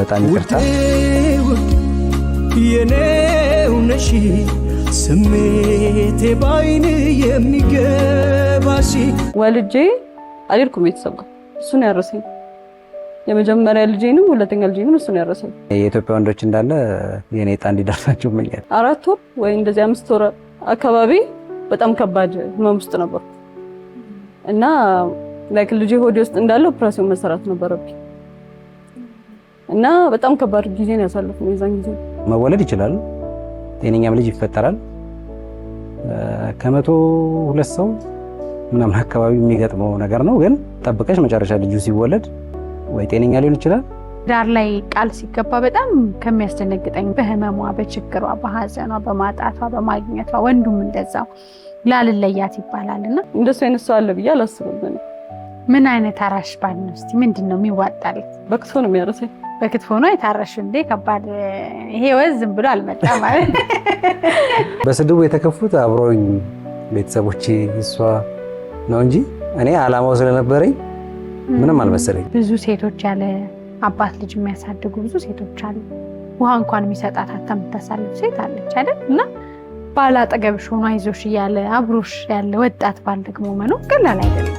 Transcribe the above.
በጣም ይቅርታ። የኔውነሽ ስሜቴ ባይን የሚገባሽ ወልጄ አልሄድኩም። ቤተሰብ ጋር እሱን ያረሰኝ የመጀመሪያ ልጄንም ሁለተኛ ልጄንም እሱን ያረሰኝ። የኢትዮጵያ ወንዶች እንዳለ የኔ ጣ እንዲደርሳቸው መኛል። አራት ወር ወይ እንደዚህ አምስት ወር አካባቢ በጣም ከባድ ህመም ውስጥ ነበርኩ እና ላይክ ልጄ ሆዴ ውስጥ እንዳለ ኦፕራሲዮን መሰራት ነበረብኝ። እና በጣም ከባድ ጊዜ ነው ያሳለፍነው። የዛን ጊዜ መወለድ ይችላል፣ ጤነኛም ልጅ ይፈጠራል። ከመቶ ሁለት ሰው ምናምን አካባቢ የሚገጥመው ነገር ነው። ግን ጠብቀሽ መጨረሻ ልጁ ሲወለድ ወይ ጤነኛ ሊሆን ይችላል። ዳር ላይ ቃል ሲገባ በጣም ከሚያስደነግጠኝ በህመሟ፣ በችግሯ፣ በሀዘኗ፣ በማጣቷ፣ በማግኘቷ ወንዱም እንደዛው ላልለያት ይባላል እና እንደሱ አይነት ሰው አለ ብዬ አላስብም። ምን አይነት አራሽ ባል ነው? እስኪ ምንድን ነው የሚዋጣለት? በክትፎ ነው የሚያረሰኝ። በክትፎ ነው የታረሽ እንዴ? ከባድ ይሄ ወዝ ዝም ብሎ አልመጣም ማለት። በስድቡ የተከፉት አብሮኝ ቤተሰቦቼ እሷ ነው እንጂ እኔ አላማው ስለነበረኝ ምንም አልመሰለኝ። ብዙ ሴቶች ያለ አባት ልጅ የሚያሳድጉ ብዙ ሴቶች አሉ። ውሃ እንኳን የሚሰጣት አታ ሴት አለች አይደል? እና ባል አጠገብሽ ሆኖ አይዞሽ እያለ አብሮሽ ያለ ወጣት ባል ደግሞ መኖር ቀላል አይደለም።